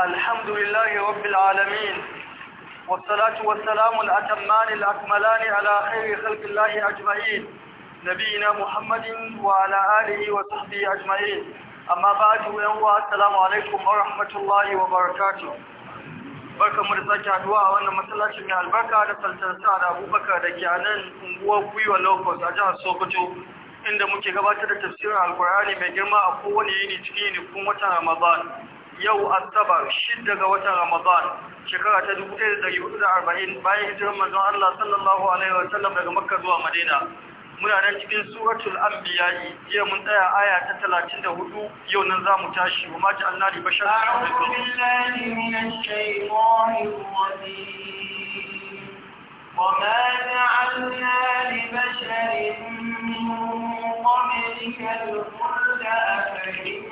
الحمد لله رب العالمين والصلاة والسلام الأتمان الأكملان على خير خلق الله أجمعين نبينا محمد وعلى آله وصحبه أجمعين أما بعد السلام عليكم ورحمة الله وبركاته barka mu da sake haduwa a wannan masallacin mai albarka da saltarsa da abubakar da ke unguwar a jihar sokoto inda muke gabatar da tafsirin alkur'ani mai girma a kowane yini cikin yinikun watan ramadan yau asabar shi daga watan ramadan shekara ta 1440 bayan hijirar manzon Allah sallallahu alaihi wa sallam daga makka zuwa madina muna nan cikin suratul anbiya jiya mun tsaya aya ta 34 yau nan zamu tashi wa ma ja'alna li bashar a'udhu billahi minash shaitanir rajim وما جعلنا لبشر من قبلك الخلد أفإن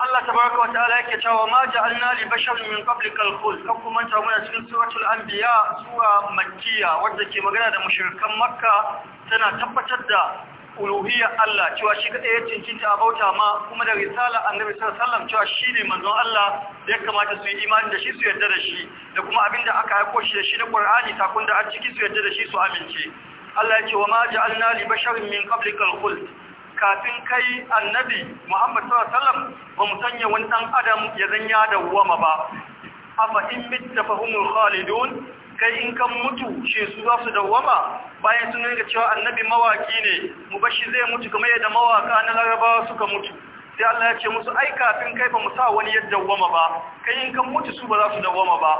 Allah tabaraka wa ta'ala yake cewa ma ja'alna li basharin min qablika khuld kan kuma ta muna cikin suratul anbiya sura makkiya wanda ke magana da mushrikan makka tana tabbatar da uluhiyya Allah cewa shi kadai ya cincinta a bauta ma kuma da risala annabi sallallahu alaihi wasallam cewa shi ne manzon Allah da ya kamata su yi imani da shi su yarda da shi da kuma abinda aka aiko shi da shi da Qur'ani takun da a ciki su yarda da shi su amince Allah ya ce wa ma ja'alna li basharin min qablika khuld kafin kai annabi Muhammad sallallahu alaihi wasallam ba mu sanya wani dan adam ya zanya da wama ba afa in mitta fahumul khalidun kai in kan mutu she su za su dawama bayan sun ga cewa annabi mawaki ne mu bashi zai mutu kamar yadda mawaka na larabawa suka mutu sai Allah ya ce musu ai kafin kai ba mu sa wani yadda wama ba kai in kan mutu su ba za su dawama ba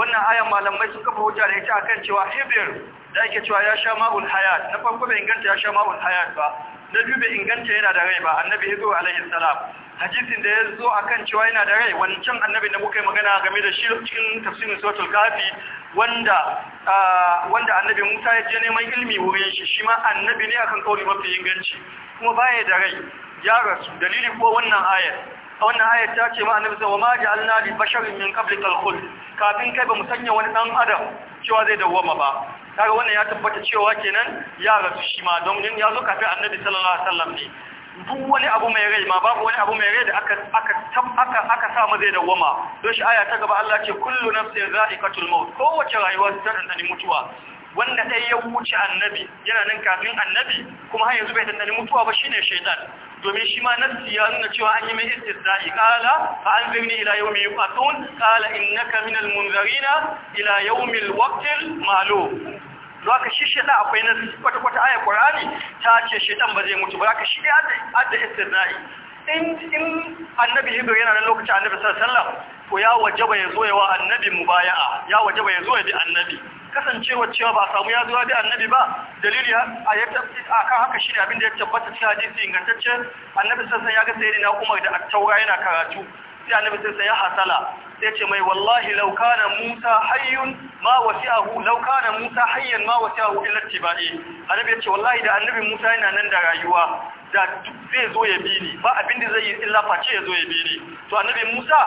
wannan ayan malamai suka fa hujja da ita akan cewa hibir da ake cewa ya sha ma'ul hayat na farko bai inganta ya sha ma'ul hayat ba na biyu bai inganta yana da rai ba annabi ya zo alaihi salam hadisin da ya zo akan cewa yana da rai wancan annabi da muka yi magana game da shi cikin tafsirin suratul kafi wanda wanda annabi Musa ya je neman ilimi wurin shi shi ma annabi ne akan kauli mafi inganci kuma baya da rai ya rasu dalili ko wannan ayar wannan ayar ta ce ma annabi sallallahu alaihi wasallam ma ja'alna li basharin min kafin kai ba mu sanya wani dan adam cewa zai dawwama ba kaga wannan ya tabbata cewa kenan ya rasu shi ma don ya zo kafin annabi sallallahu alaihi wasallam ne duk wani abu mai rai ma babu wani abu mai rai da aka aka aka aka sa mu zai dawwama don shi aya ta gaba Allah ce kullu nafsin za'iqatul maut kowace rayuwa ta dandani mutuwa wanda ɗaya ya wuce annabi yana nan kafin annabi kuma har yanzu bai dandani mutuwa ba shine shaitan domin shi ma nassi ya nuna cewa an yi mai istisna'i qala fa anzirni ila yawmi yub'athun qala innaka al munzarina ila yawmil waqtil ma'lum zaka shi shaitan akwai nassi kwata kwata aya qur'ani ta ce shaitan ba zai mutu ba zaka shi dai adda istisna'i in in annabi hibir yana nan lokacin annabi sallallahu alaihi wasallam to ya wajaba ya zo ya yawa annabi mubaya'a ya wajaba ya zo ya bi annabi kasancewa cewa ba samu ya zuwa da annabi ba dalili a ya a kan haka shine abin da ya tabbata cikin hadisi ingantacce annabi sassan ya ga na Umar da Attaura yana karatu sai annabi sassan ya hasala sai ce mai wallahi laukana Musa hayyun ma wasi'ahu Musa annabi ya ce wallahi da annabi Musa yana nan da rayuwa da duk zai zo ya bi ni ba abin da zai yi illa face ya zo ya bi ni to annabi Musa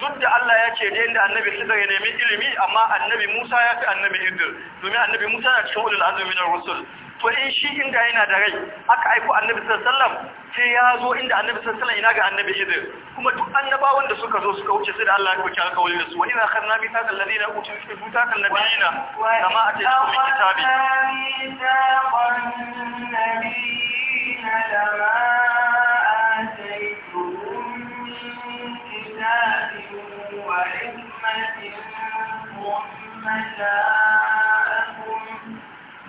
duk da Allah ya ce da inda annabi Khidir ya nemi ilimi amma annabi Musa ya fi annabi Khidir domin annabi Musa na cikin ulul azmi na rusul to in shi inda yana da rai aka aiko annabi sallallahu alaihi wasallam sai ya zo inda annabi sallallahu alaihi wasallam ina ga annabi Khidir kuma duk annabawan da suka zo suka wuce sai da Allah ya dauki alƙawarin da su wa idza kharna bi taqal ladina utul kitaba kal nabiyina kama ataytu min kitabi ما آتيتهم من كتاب وحكمة ثم جاءكم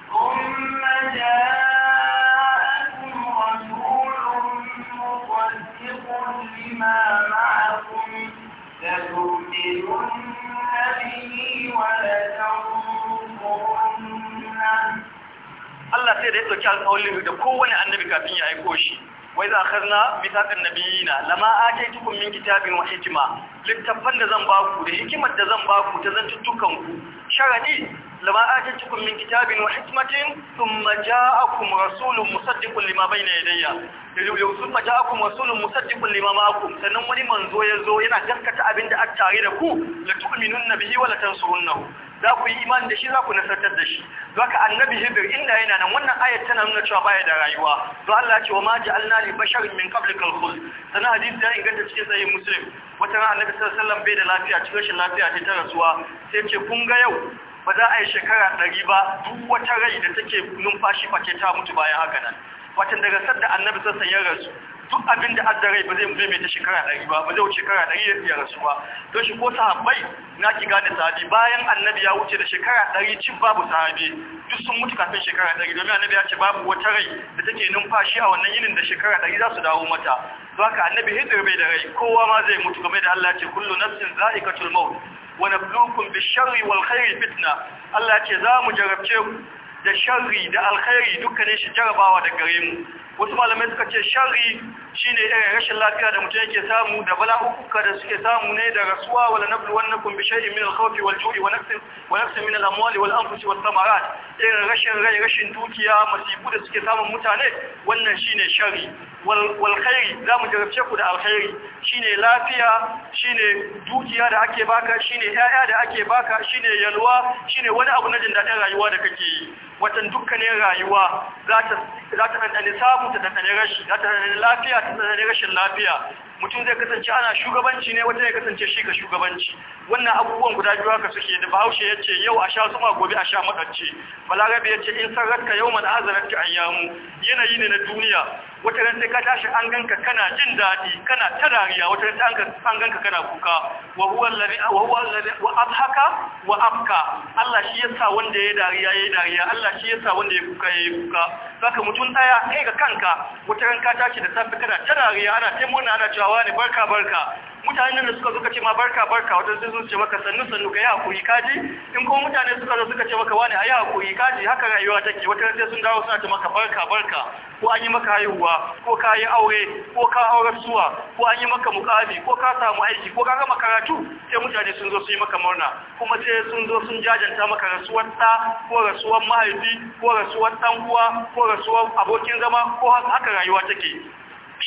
ثم جاءكم رسول مصدق لما معكم لتؤمنن به ولتنصرنه Allah sai da ya ɗauki da kowane kafin ya aiko shi wai za a akhadna mithaqan nabiyina lama ataytukum min kitabin wa hikma littafan da zan baku da hikimar da zan baku ta zantuttukan ku sharadi lama ataytukum min kitabin wa hikmatin thumma ja'akum rasulun musaddiqun lima bayna yadayya thumma ja'akum rasulun musaddiqun lima ma'akum sannan wani manzo ya zo yana gaskata abin da aka tare da ku la tu'minunna bihi wa la tansurunnahu za ku yi imani da shi za ku nasartar da shi Za zaka annabi hibir inda yana nan wannan ayat tana nuna cewa baya da rayuwa to Allah ce wa ma ja'alna li basharin min qablikal khuld sana hadisi da inganta cikin sahih muslim wata ran annabi sallallahu alaihi wasallam bai da lafiya cikin rashin lafiya ta rasuwa sai ce kun ga yau ba za a yi shekara ɗari ba duk wata rai da take numfashi ce ta mutu bayan haka nan watan daga sadda annabi sassan ya rasu duk abin da adda rai ba zai zai mai ta shekara ɗari ba ba zai wuce shekara ɗari ya rasu ba to shi ko sahabbai na ki gane sahabi bayan annabi ya wuce da shekara ɗari cin babu sahabi duk sun mutu kafin shekara ɗari domin annabi ya ce babu wata rai da take numfashi a wannan yinin da shekara ɗari za su dawo mata to haka annabi hidir bai da rai kowa ma zai mutu game da Allah ce kullu nafsin za'iqatul maut wa nabluukum bish-sharri wal khairi fitna Allah ce za mu jarabce da sharri da alkhairi dukkanin shi jarabawa da gare mu wasu malamai suka ce shari shine irin rashin lafiya da mutum yake samu da bala'uka da suke samu ne da rasuwa wala nablu wannan bi shay'in min al-khawfi wal-ju'i wa nafsin wa nafsin min al-amwali wal-anfusi wath-thamarat irin rashin rai rashin dukiya masifu da suke samun mutane wannan shine shari wal khairi mu jarabce ku da alkhairi shine lafiya shine dukiya da ake baka shine yaya da ake baka shine yalwa shine wani abu na jin dadin rayuwa da kake yi watan dukkanin rayuwa za ta za ta samu ta tsanani rashi lafiya ta tsanani rashin lafiya mutum zai kasance ana shugabanci ne wata ya kasance shi ka shugabanci wannan abubuwan guda biyu haka suke da bahaushe ya ce yau a sha zuma gobe a sha maɗarce balarabe ya ce in sarratka yau mana azararka an yamu yanayi ne na duniya wata ran sai ka tashi an ganka kana jin daɗi kana ta dariya wata ran an ganka kana kuka wa huwa allazi wa huwa allazi wa abhaka wa abka Allah shi ya sa wanda ya dariya yayi dariya Allah shi ya sa wanda ya kuka yayi kuka saka mutum daya kai ga kanka wata ran ka tashi da safe kana ta dariya ana taimona ana cewa barka wani barka barka mutanen da suka zo ce ma barka barka wata sai sun ce maka sannu sannu ka yi hakuri kaji in kuma mutane suka zo suka ce maka wani ayi hakuri kaji haka rayuwa take wato sai sun dawo suna ta maka barka barka ko an yi maka haihuwa ko ka yi aure ko ka aure suwa ko an yi maka mukami ko ka samu aiki ko ka gama karatu sai mutane sun zo su yi maka murna kuma sai sun zo sun jajanta maka rasuwar ta ko rasuwar mahaifi ko rasuwar dan ko rasuwar abokin zama ko haka rayuwa take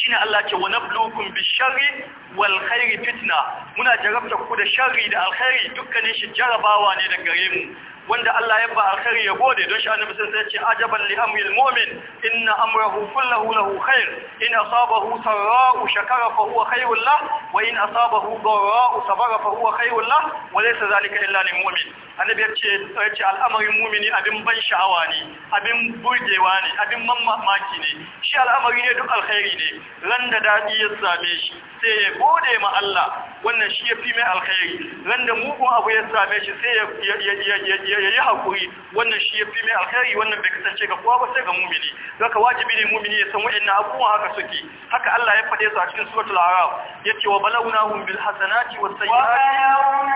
ne Allah ke wa nabluukum bisharri wal khairi fitna muna jarabta ku da sharri da alkhairi dukkanin shi jarabawa ne da gare mu wanda Allah ya ba alkhairi ya gode don shi annabi sai ya ce ajaban li amril mu'min inna amrahu kullahu lahu khair in asabahu sarra'u shakara fa huwa khairul lah wa in asabahu dharra'u sabara fa huwa khairul lah wa laysa zalika illa lil mu'min annabi ya ce ya ce al'amarin mu'mini abin ban sha'awa ne abin burgewa ne abin mamaki ne shi al'amari ne duk alkhairi ne ran da dadi ya same shi sai ya gode ma Allah wannan shi ya fi mai alkhairi ran da mugun abu ya same shi sai ya yi haƙuri wannan shi ya fi mai alkhairi wannan bai kasance ga kowa ba sai ga mumini zaka wajibi ne mumini ya san wa'annan abubuwa haka suke haka Allah ya faɗe su a cikin suratul Ya ce, wa balawnahum bil hasanati was sayyiati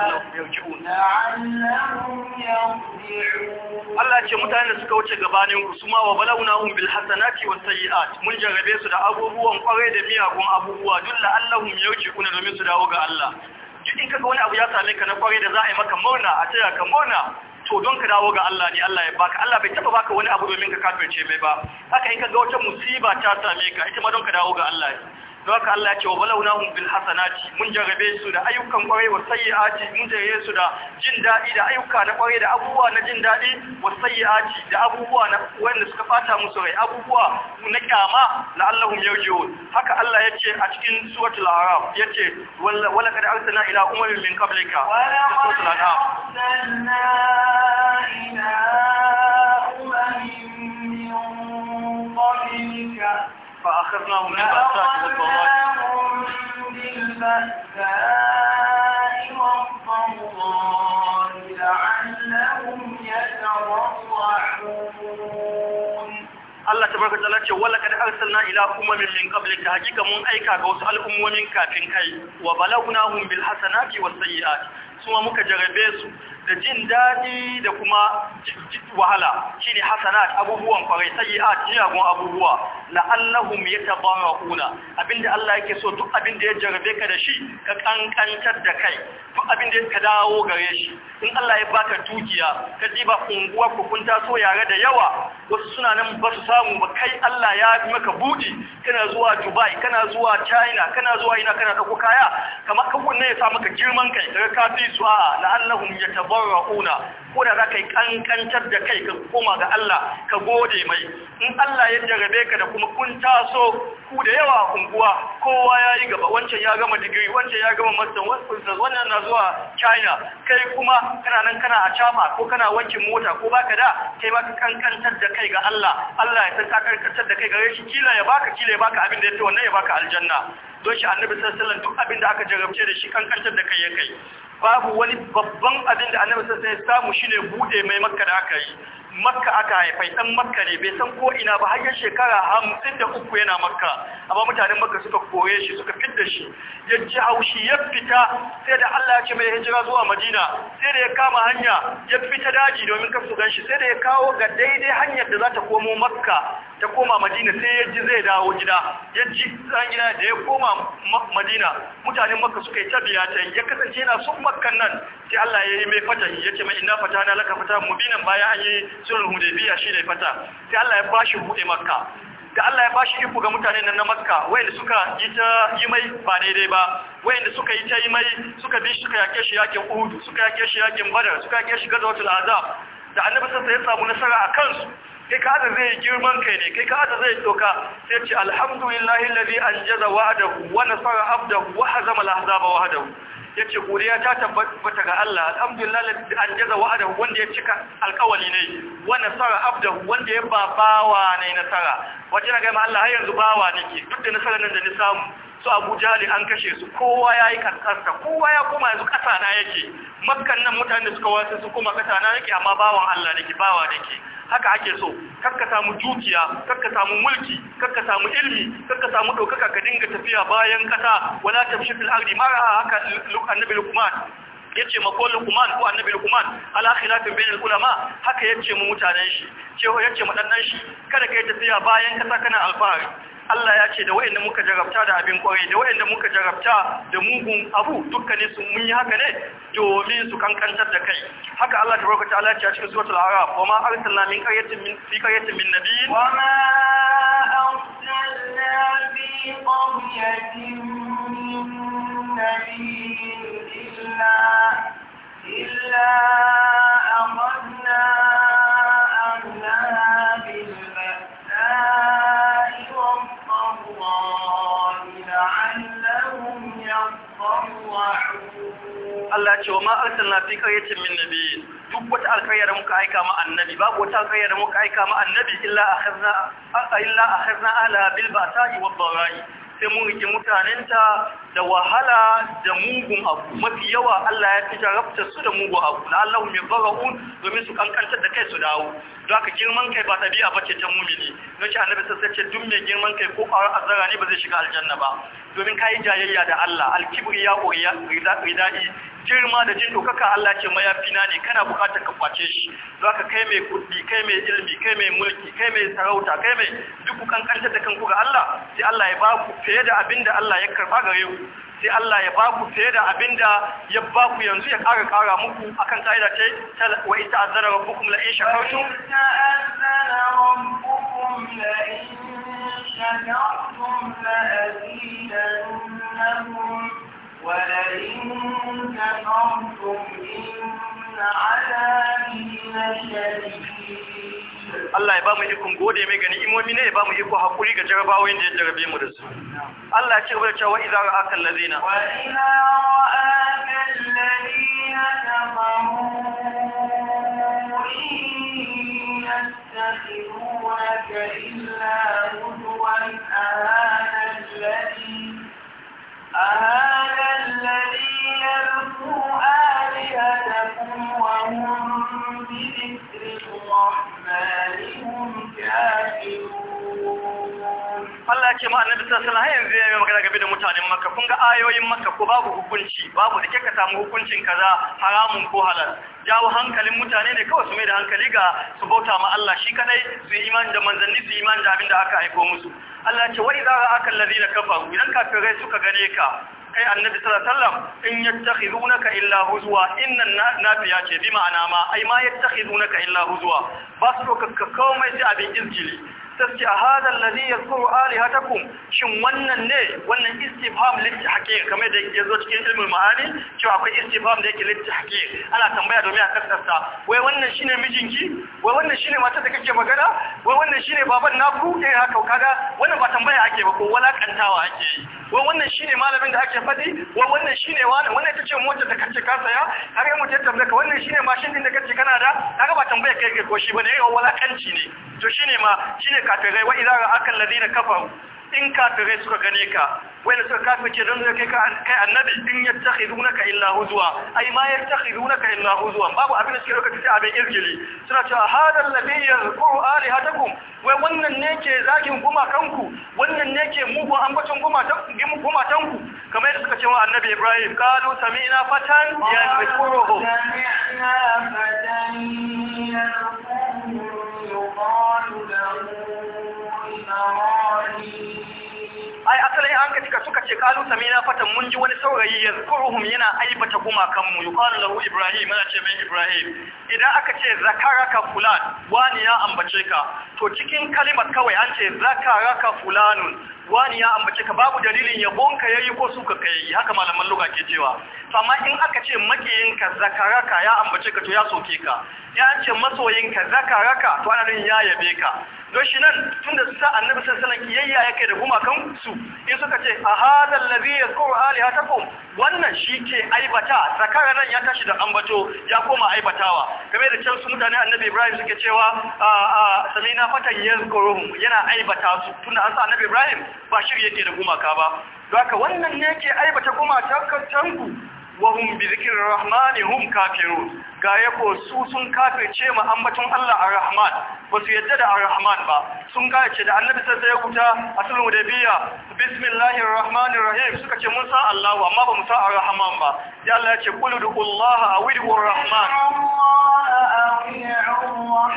la'allahum yarji'un la'allahum yarji'un Allah ce mutane da suka wuce gabanin ku suma wa balawnahum bil hasanati was sayiat mun jarrabe su da abubuwan kwarai da miyagun abubuwa duk la'allahum kuna domin su dawo ga Allah duk in kaga wani abu ya same ka na kwarai da za a yi maka murna a taya ka murna to don ka dawo ga Allah ne Allah ya baka Allah bai taba baka wani abu domin ka kafirce mai ba haka in ka ga wata musiba ta same ka ita ma don ka dawo ga Allah don haka Allah ya ce wa balawnahum bil hasanati mun jarabe su da ayyukan kwarai wa sayyi'ati mun jarabe su da jin dadi da ayyuka na kwarai da abubuwa na jin dadi wa sayyi'ati da abubuwa na wanda suka fata musu rai abubuwa na kyama la'allahum yarji'un haka Allah ya ce a cikin suratul araf ya ce wala kad arsalna ila umamin min qablika suratul araf arsalna ila umamin min qablika فأخذناهم بالبأساء والضراء لعلهم يتضرعون Allah ta barka ta lace wala kad arsalna ila ummin min qablika hakika mun aika ga wasu al'ummomin kafin kai wa balawnahum bil hasanati was sayyi'ati kuma muka jarabe su da jin daɗi da kuma wahala shine hasanat abubuwan kwarai sayi'at miyagun abubuwa la'allahum yatabawuna abinda Allah yake so duk abinda ya jarabe ka da shi ka kankantar da kai duk abinda ka dawo gare shi in Allah ya baka dukiya ka diba unguwa ku kun taso yare da yawa wasu suna nan ba su samu ba kai Allah ya yi maka buɗi kana zuwa Dubai kana zuwa China kana zuwa ina kana dauko kaya kamar kawun ne ya sa maka girman kai daga kafi su a la'allahum yatabawuna ko da za ka yi kankantar da kai ka koma ga Allah ka gode mai in Allah ya jarabe ka da kuma kun taso ku da yawa unguwa kowa ya yi gaba wancan ya gama digiri wancan ya gama masta wannan na zuwa China kai kuma kana nan kana a chama ko kana wancan mota ko baka da kai baka ka kankantar da kai ga Allah Allah ya san ka kankantar da kai gare shi kila ya baka kila ya baka abin da ya wannan ya baka aljanna don shi annabi sallallahu alaihi wasallam duk abin da aka jarabce da shi kankantar da kai ya kai babu wani babban abin da annabi sai ya samu shine bude mai makka da aka yi makka aka haifai dan makka ne bai san ko ina ba har shekara 53 yana makka amma mutanen makka suka kore shi suka fidda shi ya ji haushi ya fita sai da Allah ya ce mai hijira zuwa Madina sai da ya kama hanya ya fita daji domin su ganshi sai da ya kawo ga daidai hanyar da za ta komo makka ta koma madina sai ya ji zai dawo gida ya ji zan gida da ya koma madina mutanen makka suka yi ta biya ta ya kasance yana sun makkan nan sai Allah ya yi mai fata ya ce mai ina fata na laka fata Mu mubinan baya an yi sulhul hudaybiya shi ne fata sai Allah ya bashi buɗe makka da Allah ya bashi iko ga mutanen nan na Makka wayanda suka yi ta yi mai ba daidai ba wayanda suka yi ta yi mai suka bi suka yake shi yakin Uhud suka yake shi yakin Badar suka yake shi gazawatul Azab da Annabi sai ya samu nasara a kansu kai ka da zai girman kai ne kai ka da zai doka sai ce alhamdulillahi allazi anjaza wa'adahu wa nasara abdahu wa hazama al wa'adahu yace godiya ta tabbata ga Allah alhamdulillah anjaza wa'adahu wanda ya cika alƙawali ne wa nasara abdahu wanda ya bawa ne nasara wajen ga Allah har yanzu bawa nake duk da nasarar nan da ni samu su Abuja ne an kashe su kowa ya yi karkarsa kowa ya kuma yanzu kasa na yake makan nan mutane suka wasu su kuma ƙasa na yake amma bawan Allah da ke bawa da ke haka ake so karka samu dukiya karka samu mulki karka samu ilmi karka samu ɗaukaka ka dinga tafiya bayan ƙasa wala tafshi fil ardi mara haka annabi lukman yace ma kullu kuman ko annabi lukman ala khilafin bainal ulama haka yace mu mutanen shi cewa yace mu dannan shi kada kai tafiya bayan kasa kana alfahari Allah ya ce da wa'anda muka jarabta da abin kwarai da wa'anda muka jarabta da mugun abu dukkanin su mun yi haka ne domin su kankantar da kai haka Allah tabaraka ta'ala ya ce a cikin suratul araf wa ma arsalna min qaryatin min fi qaryatin min nabiyyin wa ma arsalna fi qaryatin min nabiyyin illa Allah ce wa ma arsalna fi qaryatin min nabiyyin duk wata alƙarya da muka aika ma annabi babu wata alƙarya da muka aika ma annabi illa a illa ala bil ba'sa'i wad dharra'i sai mun rike mutanenta da wahala da mugun abu mafi yawa Allah ya fi jarabta su da mugun abu la Allah mai bara'un domin su kankantar da kai su dawo don haka girman kai ba tabi'a bace ta mumini Na ce annabi sai ce duk mai girman kai ko ƙwarar azara ne ba zai shiga aljanna ba domin kayi jayayya da Allah alkibri ya rida'i girma da jin dokaka Allah ce mayafina ne kana bukatar ka kwace shi za ka kai mai kudi kai mai ilmi kai mai mulki kai mai sarauta kai mai duk kankantar da kanku ga Allah sai Allah ya ba ku fiye da abin Allah ya karba gare ku sai Allah ya ba ku fiye da abin ya ba ku yanzu ya kara kara muku akan ka'ida ce wa ita azara rabbukum la in shakartum shakartum la ولئن كفرتم إن Allah ya ba mu ikon gode mai gani imomi ne ya ba mu iko hakuri ga jarabawoyin da ya jarabe mu da su. Allah ya ce wa cewa idza ra'aka allazina wa idza ra'aka allazina ruwa yastakhirunaka illa Allah ce ma annabi sallallahu alaihi wasallam yanzu yayi magana game da mutanen Makka kun ga ayoyin Makka ko babu hukunci babu da kika samu hukuncin kaza haramun ko halal jawo hankalin mutane ne kawai su mai da hankali ga su bauta ma Allah shi kadai su yi imani da manzanni su yi imani da abinda aka aiko musu Allah ce wa idza ra'aka allazina kafaru idan kafirai suka gane ka kai annabi sallallahu alaihi wasallam in yattakhizunaka illa huzwa innan nafiya ce bi ma'ana ma ai ma yattakhizunaka illa huzwa ba su ka kawo mai sai abin izgili A hada alladhi yazkuru alihatakum shin wannan ne wannan istifham haƙe kamar da yake zo cikin ilmin ma'ani cewa akwai istifam da yake haƙe ana tambaya domin a kasarsa wai wannan shine mijinki wai wannan shine mata da kake magana wai wannan shine baban naku eh haka kaga wannan ba tambaya ake ba ko walakantawa ake yi wai wannan shine malamin da ake faɗi, wai wannan shine wani wannan ce motar da kace ka saya kaga ya ta tambaya wannan shine mashin din da kace kana da kaga ba tambaya kai ko shi bane eh walakanci ne to shine ma shine kafirai wa idza ra'aka alladhina kafaru in kafirai suka gane ka wanda suka kafirce don zai kai kai annabi in ya yattakhidunaka illa huzwa ai ma yattakhidunaka illa huzwa babu abin da suke lokaci sai abin irgili suna cewa hadal ladhi yazkuru alihatakum wai wannan ne ke zagin guma kanku wannan ne ke mugu ambaton guma ta guma tanku kamar yadda suka ce wa annabi Ibrahim qalu sami'na fatan yazkuruhu sami'na fatan yazkuruhu ce kalu samina fata mun ji wani saurayi ya zukuruhum yana aibata gumakan mu yuqalu lahu ibrahim mana ce mai ibrahim idan aka ce zakaraka fulan wani ya ambace ka to cikin kalimar kawai an ce zakaraka fulanun wani ya ambace ka babu dalilin yabonka yayi ko suka kai haka malaman luga ke cewa amma in aka ce makiyinka zakaraka ya ambace ka to ya soke ka ya ce masoyinka zakaraka to ana ya yabe ka don shi nan tunda sa annabi sallallahu alaihi wasallam yayya yake da gumakan su in suka ce a hadal ladhi yazkuru alihatakum wannan shi ke aibata zakara nan ya tashi da ambato ya koma aibatawa game da can su mutane annabi Ibrahim suke cewa a samina fatan yazkuruhum yana aibata su tunda an sa annabi Ibrahim ba shirya yake da gumaka ba zaka wannan ne ke aibata gumakanku wa hum bi zikri rahmani hum kafirun ga yako su sun kafirce mu ambaton Allah ar-Rahman ba su yadda da ar-Rahman ba sun kace da Annabi sai ya kuta asulul hudaybiyya bismillahir rahmanir rahim suka ce mun san Allah amma ba mu san ar-Rahman ba ya Allah ya ce qul du'ullaha Allah rahman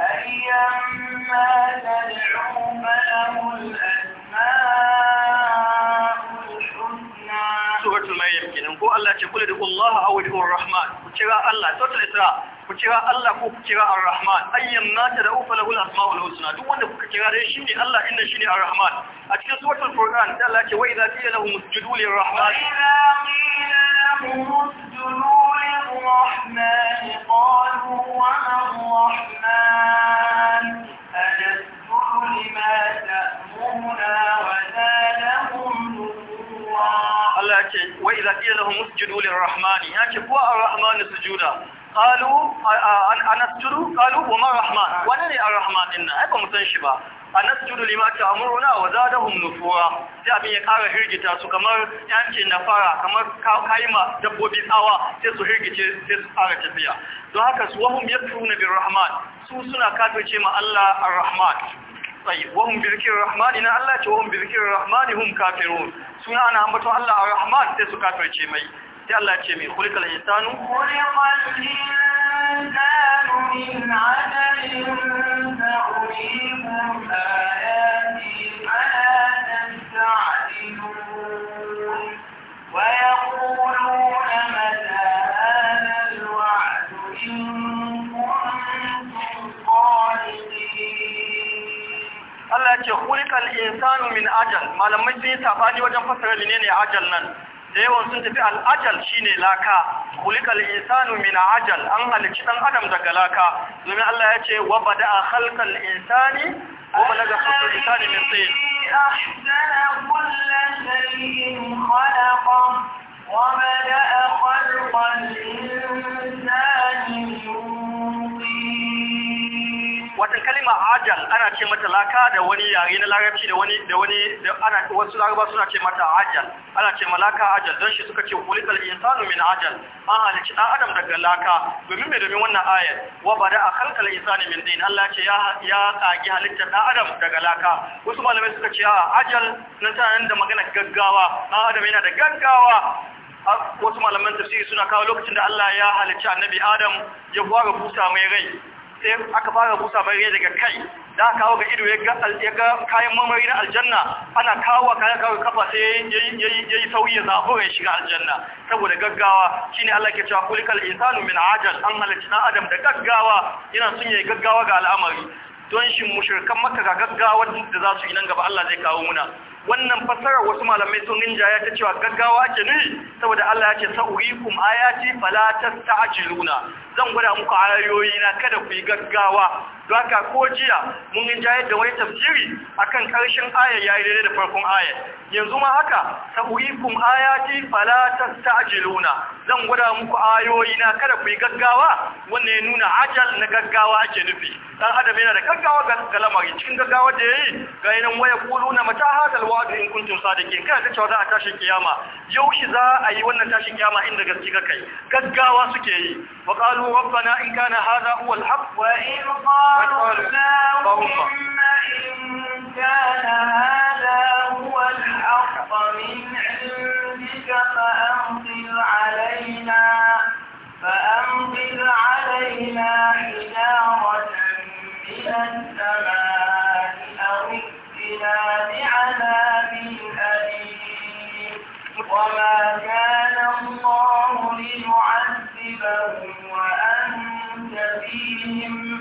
أيما تدعو فله الأسماء الحسنى سورة المريم kenan ko Allah ce kula da Allah a wajen Rahman ku cira Allah sautar Isra ku cira Allah ko ku kira Ar-Rahman Ayyam na ta da ufa lahul asmaul husna duk wanda kuka kira dai shine Allah inna shine Ar-Rahman a cikin suratul Furqan Allah ce wa idza qila lahum isjudu lir-rahman الرحمن قالوا وما الرحمن أنسجد لما تأمرنا وزادهم Allah ce wa idza qila lahum usjudu lirrahmani yake kuwa arrahmanu sujuda qalu an anasjudu qalu wa ma rahman wani ne arrahman din nan ai ba mu san shi ba anasjudu lima ta'muruna wa zadahum nufura sai abin ya kara hirgita su kamar yanci na fara kamar kaima dabbobi tsawa sai su hirgice sai su fara tafiya don haka su wahum yakfuruna birrahman su suna kafirce ma Allah ar-rahman. sai wahum birkir rahman ina Allah ce wahum birkir rahman hum kafirun suna ana ambaton Allah ar-rahman, sai su kafirce mai sai Allah ce mai kulikal insanu kulikal insanu min ajalin ce khuliqal insanu min ajal malamai sun yi sabani wajen fasara menene ajal nan da yawan sun tafi al'ajal shine laka kulikal insanu min ajal an halicci dan adam daga laka domin Allah ya ce wa bada khalqal insani wa balaga khalqal insani min tin ahsana kullu shay'in khalaqa wa bada khalqal insani kalma ajal ana ce mata laka da wani yare na larabci da wani da wani da ana wasu laraba suna ce mata ajal ana ce malaka ajal don shi suka ce kulikal insanu min ajal an halicci dan adam daga laka domin me domin wannan ayat wa bada akhalqal insani min din Allah ce ya ya kagi halittar dan adam daga laka wasu malamai suka ce a ajal nan tana da magana gaggawa dan adam yana da gaggawa wasu malaman tafsiri suna kawo lokacin da Allah ya halicci annabi Adam ya fara busa mai rai sai aka fara busa mai daga kai da aka kawo ga ido ya ga kayan mamari na aljanna ana kawo kayan kawo kafa sai ya yi sauyi ya zaɓo ya shiga aljanna saboda gaggawa shi ne Allah ke cewa kulikal insanu min ajal an halarci na adam da gaggawa yana sun yi gaggawa ga al'amari don shi mushirkan makka ga gaggawa da za su yi nan gaba Allah zai kawo muna wannan fasara wasu malamai sun ya ta cewa gaggawa ke ne saboda Allah ya ce sa'urikum ayati fala tasta'jiluna zan gwada muku ayoyi na kada ku yi gaggawa haka ko jiya mun yi rinjayar da wani tafsiri a kan ƙarshen ayar ya yi daidai da farkon aya yanzu ma haka kun ayati ta tastajiluna zan gwada muku ayoyi na kada ku yi gaggawa wannan ya nuna ajal na gaggawa ake nufi dan adam yana da gaggawa ga lamari cikin gaggawa da ya yi? ga yanan waya na mata hadal wa'd in kuntum sadiqin kada ta cewa za a tashi kiyama yau shi za a yi wannan tashin kiyama inda gaske kai gaggawa suke yi wa qalu rabbana in kana hadha huwa al اللهم إن كان هذا هو الحق من عندك فأمطر علينا فأمطر علينا حجارة من السماء أو بعذاب أليم وما كان الله ليعذبهم وأنت فيهم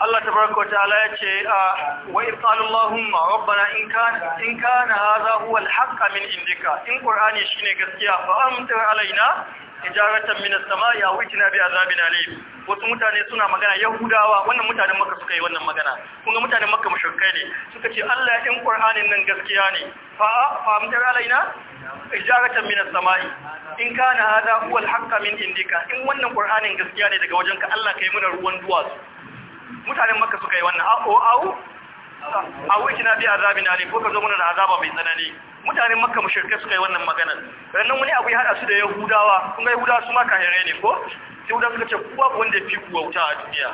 Allah tabaraka wataala yace wa idh qala Allahumma rabbana in kana in kana hadha huwa al haqqa min indika in qur'ani shine gaskiya fa amtir alaina hijaratan min as-sama ya wajina bi azabin alim wasu mutane suna magana yahudawa wannan mutanen makka suka yi wannan magana kun ga mutanen makka mushrikai ne suka ce Allah in qur'anin nan gaskiya ne fa fa mutar alaina hijaratan min as-sama'i in kana hada huwa al min indika in wannan qur'anin gaskiya ne daga wajenka Allah kai mana ruwan duwatsu mutanen makka suka yi wannan au au a wajina bi azabin alim ko ka zo mana da azaba mai tsanani mutanen makka mushirka suka yi wannan maganar Wannan wani abu ya hada su da yahudawa kun ga yahudawa su ma kafirai ne ko yahudawa suka ce kuwa wanda ya fi kuwa wuta a duniya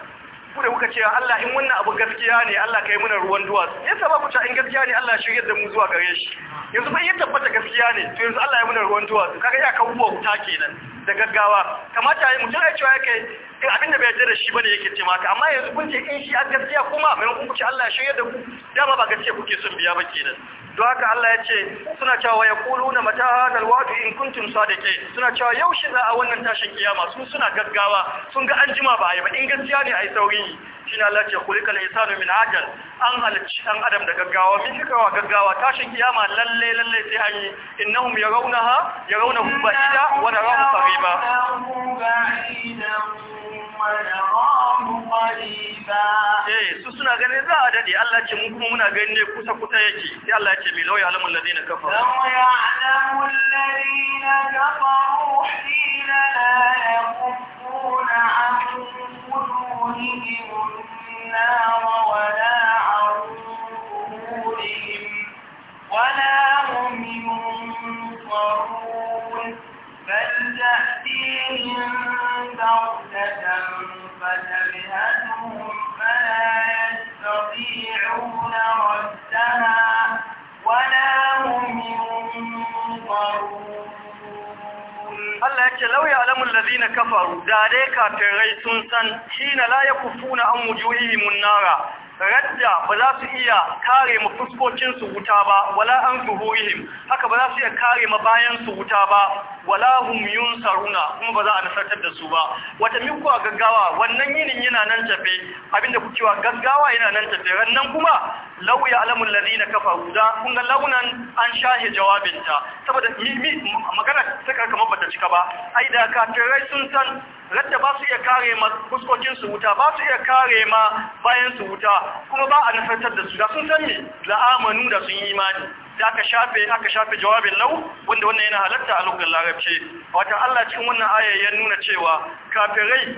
ku da kuka ce Allah in wannan abu gaskiya ne Allah kai mana ruwan duwatsu ya saba ku ta in gaskiya ne Allah shirye da mu zuwa gare shi yanzu ba iya tabbata gaskiya ne to yanzu Allah ya muna ruwan duwatsu kaga ya kawo wuta kenan da gaggawa kamata ya mutum ya cewa ya kai in abin da bai yarda da shi bane yake ce maka amma yanzu kun ce in eh, shi a gaskiya kuma mai kun ce Allah ya shirya da ku dama ba gaskiya kuke son biya ba kenan don haka Allah ya ce suna cewa ya kuluna mata hadal wa'du in kuntum sadiqin suna cewa yau shi za a wannan tashin kiyama su suna gaggawa sun ga an jima ba ai ba in gaskiya ne ai sauri ne Allah ya ce kulikal insanu min ajal an halarci dan adam da gaggawa min gaggawa gaggawa tashin kiyama lalle lalle sai an yi innahum yarawnaha yarawnahu ba'ida wa narahu qariba Eh su suna ganin za a dade Allah ce mun kuma muna ganin ne kusa kusa yake sai Allah ya ce mai lauya alamul ladina kafaru law ya'lamul ladina kafaru hina la yaquffuna an wujuhihim an-nar wa la ولا هم ينصرون بل تأتيهم بغتة فتبهتهم فلا يستطيعون ردها ولا هم ينصرون Allah ya ce lauya alamun lazina kafaru da dai kafirai sun san shi na la ya kufuna an wujuhihimun nara radda ba za su iya kare ma su wuta ba wala an zuhurihim haka ba za su iya kare ma su wuta ba wala hum yunsaruna kuma ba za a nasartar da su ba wata mikuwa gaggawa wannan yinin yana nan tafe abinda ku wa gaggawa yana nan tafe rannan kuma law ya alamu ladina kafaru da kun ga launan an shahe jawabinta saboda mi magana ta kamar bata cika ba ai da kafirai sun san radda ba su iya kare ma fuskokin su wuta ba su iya kare ma bayan su wuta kuma ba a nafartar da su da sun san me la'amanu da sun yi imani da aka shafe aka shafe jawabin lau wanda wannan yana halatta a lokacin larabci wata Allah cikin wannan aya ya nuna cewa kafirai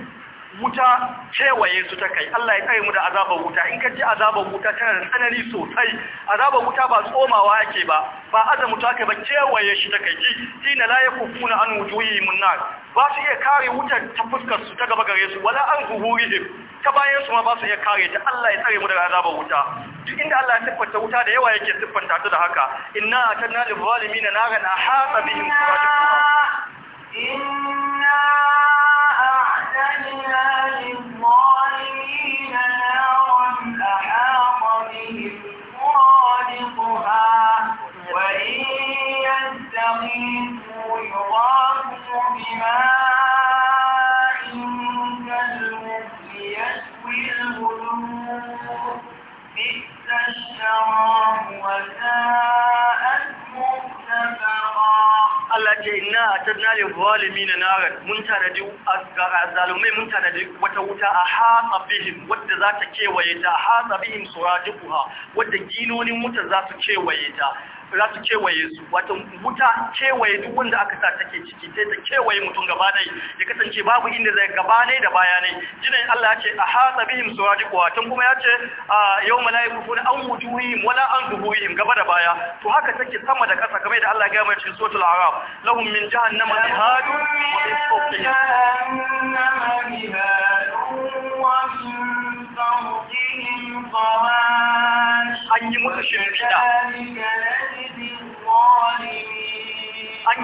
wuta cewaye su ta kai Allah ya tsare mu da azabar wuta in ka ji azabar wuta tana da tsanani sosai azabar wuta ba tsomawa yake ba ba azamu ta kai ba kewaye shi ta kai ki tina la yakufuna an wujuhihim nar ba su iya kare wutar ta fuskarsu ta gaba gare su wala an zuhurihim ta bayan su ma ba su iya kare ta Allah ya tsare mu daga azabar wuta duk inda Allah ya siffanta wuta da yawa yake siffanta ta da haka inna atanna lil zalimin naran ahata bihim inna a'tanna lil zalimin بماء كالمهل يشوي الوجوه بئس الشراب وساءت مرتفقا Allah ce ina ta nare zalimi na narar mun tanadi zalumai mun tanadi wata wuta a hatsa bihim wadda za ta kewaye ta hatsa bihim surajiquha wadda ginonin wuta za su kewaye ta za su kewaye su wata wuta kewaye duk wanda aka sa take ciki sai ta kewaye mutum gaba ne, ya kasance babu inda zai gaba ne da baya ne jinin Allah ya ce a hasa bihim suradiqu wata kuma ya ce a yau malaikufun an wujuhihim wala an zuhurihim gaba da baya to haka take sama da kasa kamar da Allah ya gama mai cikin suratul araf lahum min jahannama mihadu wa min fawqihim an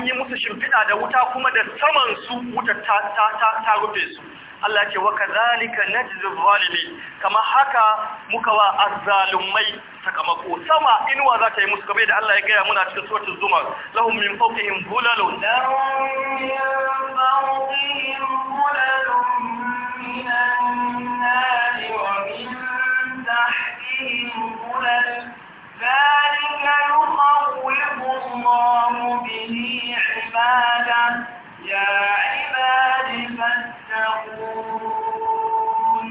yi musu shimfiɗa da wuta kuma da saman su wuta ta rufe su Allah ce wa kazalika najzi zalimi kama haka muka wa azzalumai sakamako sama inuwa za ta yi musu kamar da Allah ya gaya muna cikin suratul zumar lahum min fawqihim dhulalun lahum min بل ذلك يخوف الله به عباده wuta a فاتقون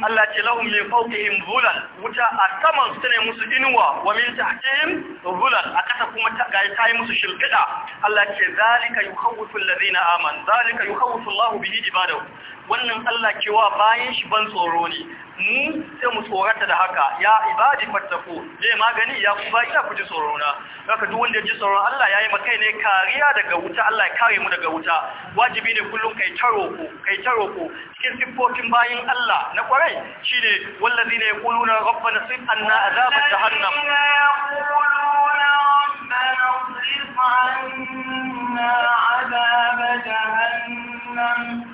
الله لهم من فوقهم ظلل وتا السماء سنه musu inuwa wa min tahtihim a akasa kuma ga yi musu shirkida Allah ce zalika yukhawwifu alladhina amanu zalika yukhawwifu Allah bihi ibadahu wannan Allah kewa bayan shi ban tsoro ne mu sai mu tsorata da haka ya ibadi fattaku ne magani ya ku bai ku ji tsoro na haka duk wanda ya ji tsoron Allah yayi maka ne kariya daga wuta Allah ya kare mu daga wuta wajibi ne kullum kai taro ku kai taro ku cikin siffofin bayin Allah na kwarai shine wallazina yaquluna rabbana sif anna azab jahannam yaquluna rabbana sif anna azab jahannam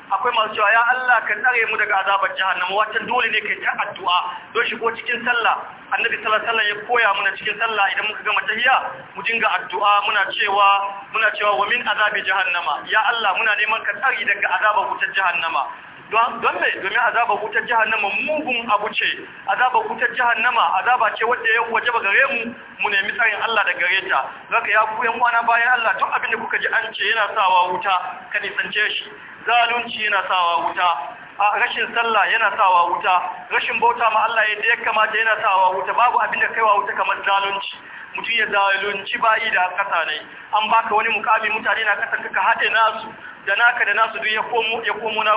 akwai masu cewa ya Allah ka tsare mu daga azabar jahannama wata dole ne kai ta addu'a don shigo cikin sallah annabi sallallahu alaihi wasallam ya koya muna cikin sallah idan muka gama tahiyya mu dinga addu'a muna cewa muna cewa wa min azabi jahannama ya Allah muna neman ka tsare daga azabar wutar jahannama don mai domin azabar wutar nama mugun abu ce azabar wutar nama, azaba ce wadda ya waje ba gare mu mu nemi tsarin Allah da gare ta zaka ya ku yan bayan Allah tun abin da kuka ji an ce yana sawa wuta ka nisance shi zalunci yana sawa wuta rashin sallah yana sawa wuta rashin bauta ma Allah yadda ya kamata yana sawa wuta babu abin da kaiwa wuta kamar zalunci mutum ya zalunci bayi da kasa ne an baka wani mukami mutane na kasa ka haɗe nasu da naka da nasu duk ya komo ya komo na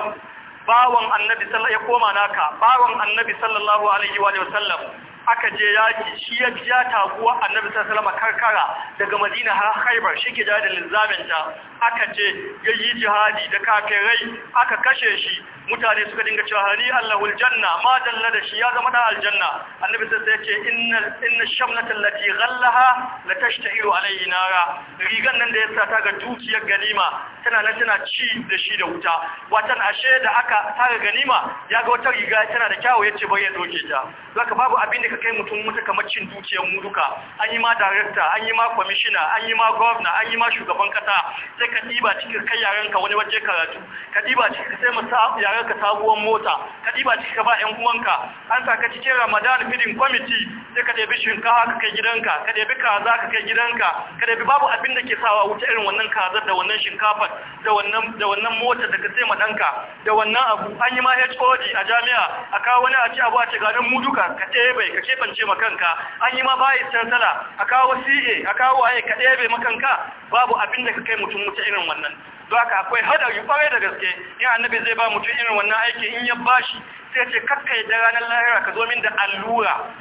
bawan annabi ya koma naka bawan annabi sallallahu alaihi wa sallam aka je yaki shi ya ja taguwa annabi sallallahu alaihi wa sallam karkara daga madina har khaibar shi ke ja da linzamin ta aka ce ya yi jihadi da rai. aka kashe shi mutane suka dinga cewa hari Allahul janna ma dalla da shi ya zama da aljanna annabi sai ya ce inna inna lati ghallaha la tashtahiru alayhi nara rigan nan da ya sata ga dukiyar ganima tana nan tana ci da shi da wuta watan ashe da aka tara ganima ya ga wata riga tana da kyawu yace bai ya doke ta zaka babu abin da ka kai mutum mutu kamar cin dukiyar mu duka an yi ma director an yi ma commissioner an yi ma governor an yi ma shugaban kasa sai ka diba cikin kai yaran ka wani waje karatu ka diba cikin ka sai mu sa yaran ka sabuwar mota ka diba cikin ka ba ƴan uwanka an sa ka cikin Ramadan feeding committee sai ka debi shinkafa ka kai gidanka ka debi kaza ka kai gidanka ka debi babu abin da ke sawa wuta irin wannan kazar da wannan shinkafar da wannan da wannan mota da ka sai ma danka da wannan abu an yi ma HOD a jami'a a kawo wani a ci abu a ce ga mu duka ka tebe ka kebance ma kanka an yi ma bayi cancela a kawo CA a kawo waye ka tebe ma kanka babu abin da ka kai mutum mutu irin wannan don haka akwai hadari kwarai da gaske in annabi zai ba mutum irin wannan aikin in ya bashi sai ce kakka da ranar lahira ka zo min da allura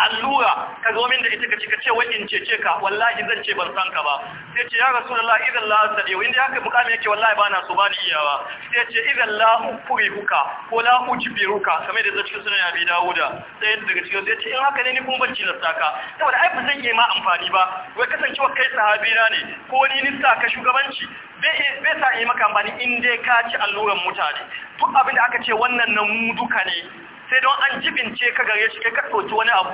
allura ka zo min da ita ka cika ce wai in cece ka wallahi zan ce ban san ka ba sai ce ya rasulullahi idan la sadi inda aka mukami yake wallahi bana so bani iyawa sai ce idan la huka ko la ujbiruka kamar da zaci sunan abi dauda sai daga cikin sai ce in haka ne ni kuma ban tilasta ka saboda ai ba zan yi ma amfani ba wai kasancewa kai sahabi na ne ko ni nista ka shugabanci bai sa yi maka amfani in dai ka ci alluran mutane duk abin da aka ce wannan nan mu duka ne sai don an jibince ka gare shi kai ka soci wani abu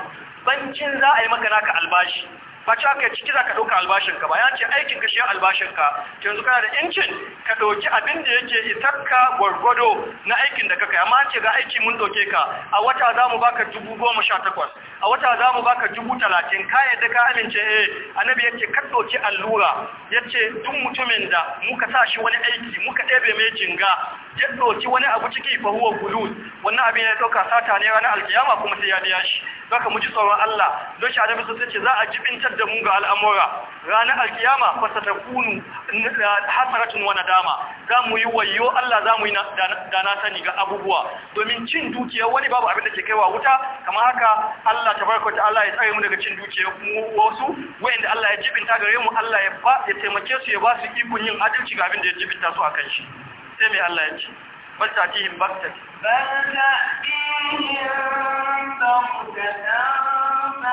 bancin za a yi maka naka albashi ba ka ciki za ka ɗauka albashinka ba ya ce aikin ka shi albashinka yanzu kana da incin ka ɗauki abin da yake itakka gwargwado na aikin da ka kai amma ce ga aiki mun ɗauke ka a wata za mu baka dubu goma sha takwas a wata za mu baka dubu talatin ka yadda ka amince eh annabi ya ce ka ɗauki allura ya ce duk mutumin da muka sa shi wani aiki muka ɗebe mai jinga ya ɗauki wani abu ciki fa huwa bulus wannan abin ya ɗauka sata ne ranar alkiyama kuma sai ya biya shi zaka mu ji tsoron Allah don shi sun ce za a jibintar da mun ga al'amura ranar alkiyama fasa ta kunu eh, hasaratun wa nadama za mu yi wayo Allah za mu yi da na sani ga abubuwa domin cin dukiya wani babu abin da ke kaiwa wuta kamar haka Allah tabaraka ta'ala ya tsare mu daga cin dukiya mu wasu da Allah ya jibinta gare mu Allah ya ba ya taimake su ya ba su ikon yin adalci ga abin da ya jibinta su akan shi sai mai Allah ya ce bal ta'tihim baktat bal ta'tihim baktat fa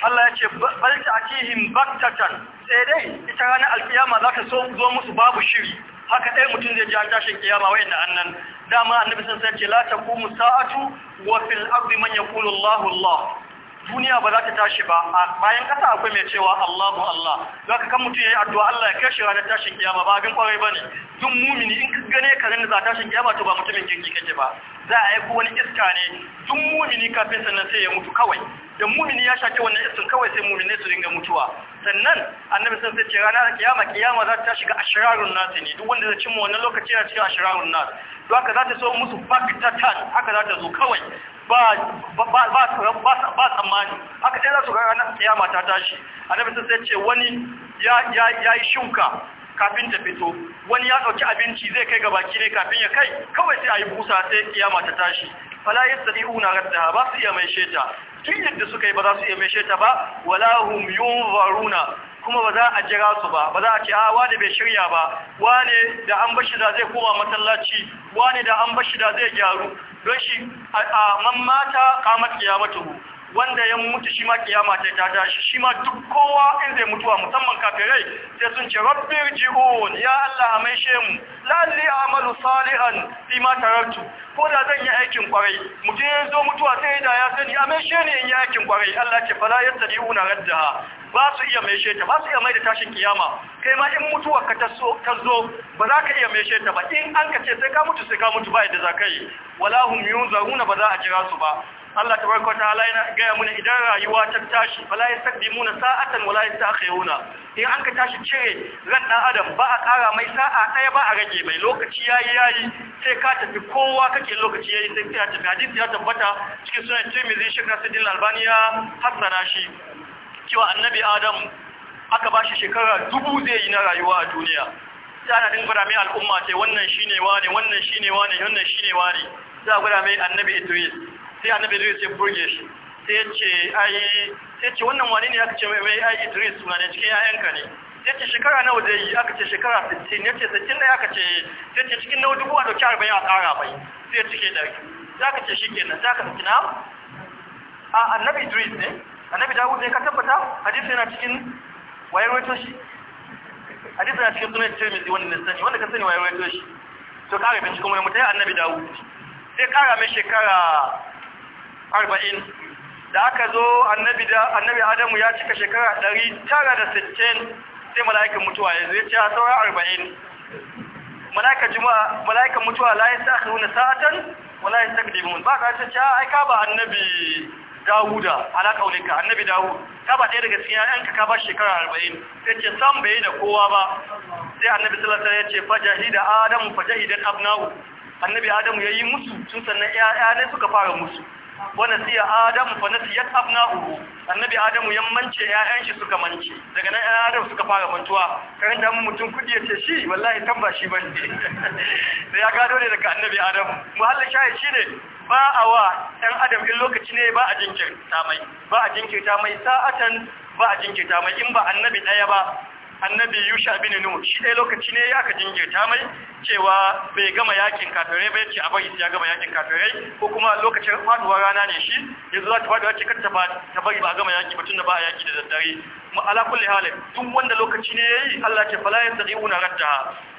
Allah ya ce bal ta'tihim baktatan sai dai ita ranar alfiyama za ta so zo musu babu shiri haka ɗaya mutum zai ji an tashin kiyama wayanda annan dama annabi sun sai ce la taqumu sa'atu wa fil abu man kulun. Allah duniya ba za ta tashi ba bayan kasa akwai mai cewa Allahu Allah za ka kan mutum ya yi addu'a Allah ya kai shi ranar tashin kiyama ba abin kwarai ba ne duk mumini in ka gane ka ranar za tashin kiyama to ba mutumin kirki kake ba za a aiko wani iska ne duk mumini kafin sannan sai ya mutu kawai da mumini ya shake wannan iskin kawai sai mumini su dinga mutuwa sannan annabi sun sai ce ranar kiyama kiyama za ta shiga ashirarun nasu ne duk wanda zai cimma wannan lokaci na cikin ashirarun nasu to haka za ta so musu baktatan haka za ta zo kawai ba tsammani haka sai za su ga ranar kiyama ta tashi annabi sun sai ce wani ya yi shuka kafin ta fito wani ya ɗauki abinci zai kai ga baki ne kafin ya kai kawai sai a yi busa sai kiyama ta tashi fala yastati una raddaha ba su iya mai sheta tun yadda suka yi ba za su iya meshe ta ba wala hum yunzaruna kuma ba za a jira su ba ba za a ce a ah, wani bai shirya ba wani da an bashi da zai koma matallaci. wani da an bashi da zai gyaru don shi a mamata kamar kiyamatu wanda ya mutu shi ma kiyama ta ta tashi shi ma duk kowa in zai mutuwa musamman kafirai sai sun ce rabbir ji'un ya Allah mai shemu lalli amalu salihan fi ma tarartu ko da zan yi aikin kwarai mutum ya zo mutuwa sai da ya sani a mai in yi aikin kwarai Allah ce fala yastadi'una radda. ba su iya mai ta ba su iya mai da tashin kiyama kai ma in mutuwa ka ta zo ba za ka iya mai ta ba in an ka ce sai ka mutu sai ka mutu ba yadda za ka yi wala hum yunzaruna ba za a jira su ba Allah tabaraka ta'ala yana gaya muna idan rayuwa ta tashi fala yastaqdimuna sa'atan wala yastakhiruna in an ka tashi cire ran dan adam ba a kara mai sa'a ɗaya ba a rage mai lokaci yayi yayi sai ka tafi kowa kake lokaci yayi sai ka tafi hadisi ya tabbata cikin sunan Tirmidhi Sheikh Nasiruddin Albani ya hassana shi cewa annabi Adam aka ba shi shekara dubu zai yi na rayuwa a duniya Sai ana din gwada mai al'umma ce wannan shi ne wa wannan shi ne wa wannan shi ne wa za a gwada mai annabi idris sai annabi Idris ya burge shi sai ya ce ai sai ce wannan wani ne aka ce mai ai Idris suna ne cikin yayanka ne sai ce shekara nawa dai aka ce shekara 60 ne ce 60 ne aka ce sai ce cikin nawa dubu a dauki 40 a tsara bai sai cike da za ka ce shikenan za ka tsina a annabi Idris ne annabi Dawud ne ka tabbata hadisi yana cikin wayar wato shi hadisi yana cikin sunan Tirmidhi wanda ne sani wanda ka sani wayar wato shi to kare bincike kuma mutai annabi Dawud sai kara mai shekara arba'in da aka zo annabi adamu ya cika shekara ɗari tara da sittin sai mala'ikan mutuwa ya zai cewa sauran arba'in mala'ikan mutuwa layin sa aka wuna sa'atan walayin sa gudu ba ka ce cewa aika ba annabi dawuda wani ka annabi dawud ka ba ɗaya daga cikin 'ya'yan ka ba shekara arba'in sai ce sam bai da kowa ba sai annabi salatar ya ce fajahi da adamu fajahi don abnawu annabi adamu ya yi musu tun sannan ‘ya'ya ne suka fara musu Wani siya Adamu fa nasiyat abnahu annabi Adamu ya mance ya'yan shi suka mance daga nan ƴaƴan Adamu suka fara mantuwa karanta mun mutum kudi yace shi wallahi tamba shi bane sai ya gado ne daga annabi Adamu. muhallin shayi ne. ba a wa ɗan adam in lokaci ne ba a jinkirta mai ba a jinkirta mai sa'atan ba a jinkirta mai in ba annabi ɗaya ba annabi yusha bin nun shi dai lokaci ne ya ka jingirta mai cewa bai gama yakin katare bai ce a bari ya gama yakin katare ko kuma lokacin faduwar rana ne shi yanzu za ta wacce wace kar ta bari ba a gama yaki ba tunda ba a yaki da daddare mu ala kulli halin duk wanda lokaci ne yayi Allah ce fala yasriuna radda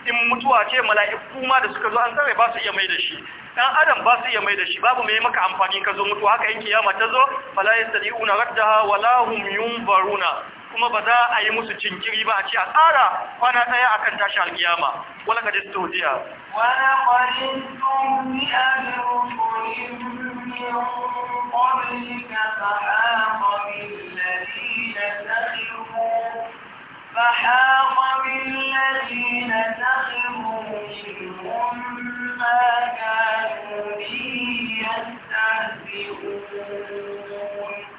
in mutuwa ce mala'iku ma da suka zo an tsare ba su iya mai da shi dan adam ba su iya mai da shi babu mai maka amfani ka zo mutuwa haka in kiyama ta zo fala yasriuna radda wala hum yunbaruna kuma ba za a yi musu cinkiri ba a ce a tsara kwana daya a kan tashi alkiyama wala ka disto jiya wala kwarintun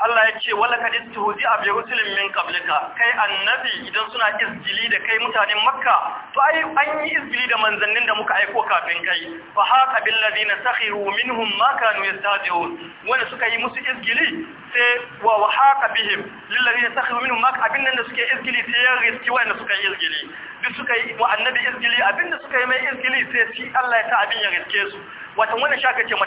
Allah ya ce wala kadin tuhuzi a Jerusalem min qablika kai annabi idan suna izgili da kai mutanen makka to ai an yi izgili da manzannin da muka aiko kafin kai fa haka bil ladina sakhiru minhum ma kanu yastahzi'un wanda suka yi musu izgili sai wa haka bihim lil ladina sakhiru minhum ma abin nan da suke izgili sai ya riski wanda suka yi izgili duk suka yi wa annabi izgili abin da suka yi mai izgili sai shi Allah ya ta abin ya riske su watan wannan sha kace ma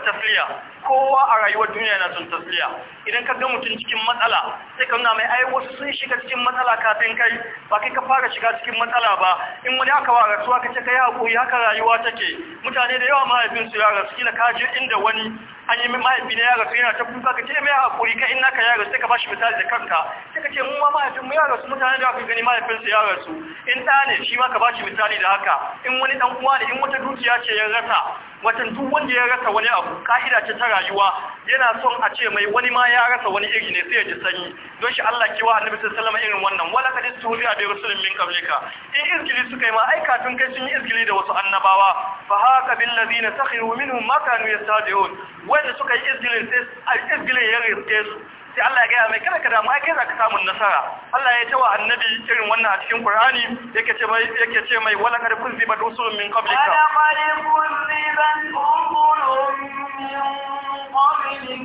kowa a rayuwar duniya na son tasliya idan ka ga mutum cikin matsala sai ka nuna mai ai wasu sun shiga cikin matsala kafin kai ba kai ka fara shiga cikin matsala ba in wani aka wa rasuwa kace yi hakuri haka rayuwa take mutane da yawa mahaifinsu ya rasu kila ka je inda wani an yi mahaifi na ya su yana ta kuka ka ce mai hakuri ka in naka ya rasu sai ka bashi misali da kanka sai ka ce mu ma mahaifin mu ya rasu mutane da aka gani su ya su. in ɗa ne shi ma ka bashi misali da haka in wani ɗan uwa ne in wata dukiya ce ya rasa watan duk wanda ya rasa wani abu ka'ida ce ta rayuwa yana son a ce mai wani ma ya rasa wani iri ne sai ya ji sanyi don shi Allah kiwa annabi sallallahu alaihi irin wannan wala kad tuhbiya abi rusulin min qablika in izgili suka yi ma ai kafin kai sun yi izgili da wasu annabawa fa haka bil ladina sakhiru minhum ma kanu yastadiun wanda suka yi izgilin sai izgilin ya riske su sai Allah ya gaya mai kada ka damu ai kai zaka samu nasara Allah ya ce wa annabi irin wannan a cikin Qur'ani yake ce mai yake ce mai wala kad kunzibat rusulun min qablika wala qad kunzibat rusulun min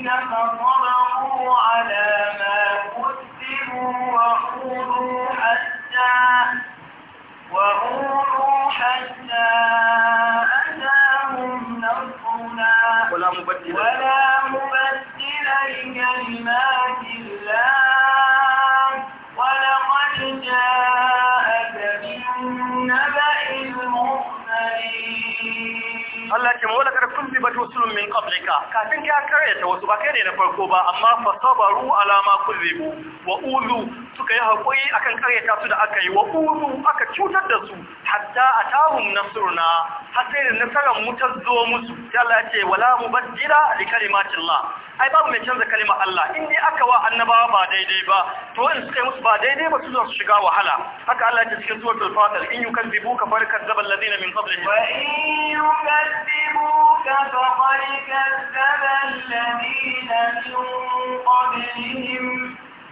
qablika fadalu ala ma kunzibu wa qulu hatta wa qulu hatta atahum ربنا ولا مبدل ولا مبدل لكلمات الله ولقد جاء Allah ce mawala kada kun zibat rusulun min qablika kafin ka karyata wasu ba kai ne na farko ba amma fa sabaru ala ma kuzibu wa ulu suka yi hakuri akan karyata su da aka yi wa ulu aka cutar da su hatta atahum nasruna har sai da nasaran mu ta zo musu sai Allah ce wala mubaddila li kalimatillah ai babu mai canza kalima Allah in dai aka wa annabawa ba daidai ba to wanda suka yi musu ba daidai ba su zo su shiga wahala haka Allah ya ce cikin suratul fatir in yukadibuka farkad zabal ladina min qablihim wa in كذبوك فقد كذب الذين من قبلهم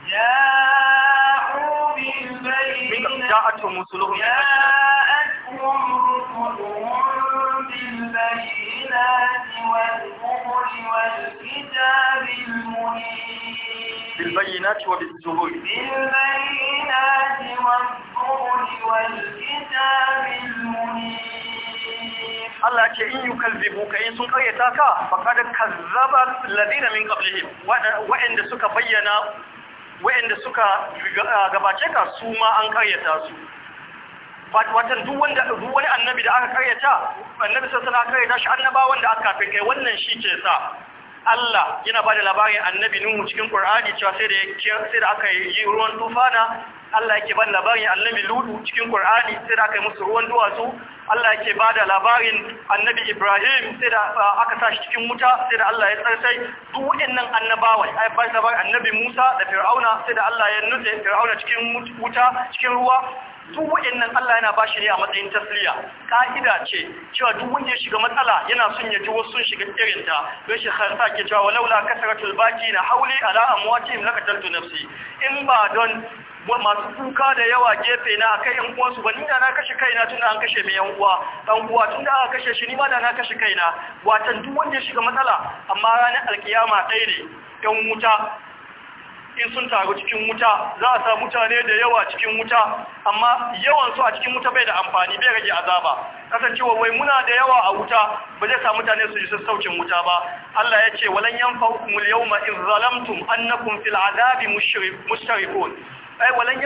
جاءوا بالبينات جاءتهم رسلهم بالبينات والكفر والكتاب بالبينات وبالزبور بالبينات والزبور والكتاب المنير Allah ce in yi yukazzibuka in sun karyata ka faqad kazzaba ladina min qablihim wa'anda suka bayyana wa'anda suka gabace ka su ma an karyata su watan duk wanda duk wani annabi da aka karyata annabi sallallahu karyata shi annaba wanda aka kafin kai wannan shi ke sa Allah yana da labarin annabi Nuhu cikin Qur'ani cewa sai da aka yi ruwan tufana Allah yake ban labarin annabi Ludu cikin Qur'ani sai da aka musu ruwan duwatsu Allah yake da labarin annabi Ibrahim sai da ah, aka tashi cikin wuta sai da Allah ya tsarsai duk waɗannan annabawan ai ba annabi Musa da Fir'auna sai da Allah ya nutse Fir'auna cikin wuta cikin ruwa duk nan Allah yana ba shi ne a matsayin tasliya ka'ida ce cewa duk wanda ya shiga matsala yana son ya ji wasu sun shiga irin ta don shi har ke cewa laula kasratul baki na hauli ala amwatihim tantu nafsi in ba don masu kuka da yawa gefe na akai yan uwansu ba ni da na kashe kaina tun da an kashe mai yan uwa dan uwa tun da aka kashe shi ni ma da na kashe kaina watan duk wanda ya shiga matsala amma ranar alkiyama ɗaya ne yan wuta in sun taru cikin wuta za a sa mutane da yawa cikin wuta amma yawan su a cikin wuta bai da amfani bai rage azaba kasancewa wai muna da yawa a wuta ba zai sa mutane su yi sassaucin wuta ba Allah ya ce walan al yawma in zalamtum annakum fil azabi mushrikun ai walan al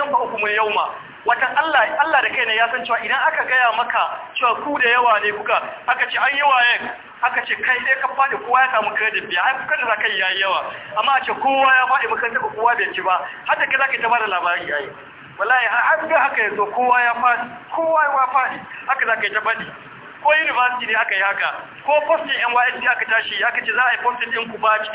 yawma wata Allah Allah da kai ne ya san cewa idan aka gaya maka cewa ku da yawa ne kuka aka ce an yi waye aka ce kai dai ka fadi kowa ya samu credit biya ai kuka da kai yi yayi yawa amma a ce kowa ya fadi maka ko kowa bai ci ba har da kai zaka ta bada labari yayi wallahi har da haka yazo kowa ya fadi kowa ya fadi haka zaka ta fadi ko university ne aka yi haka ko posting NYSC aka tashi aka ce za a yi posting din ku ba ce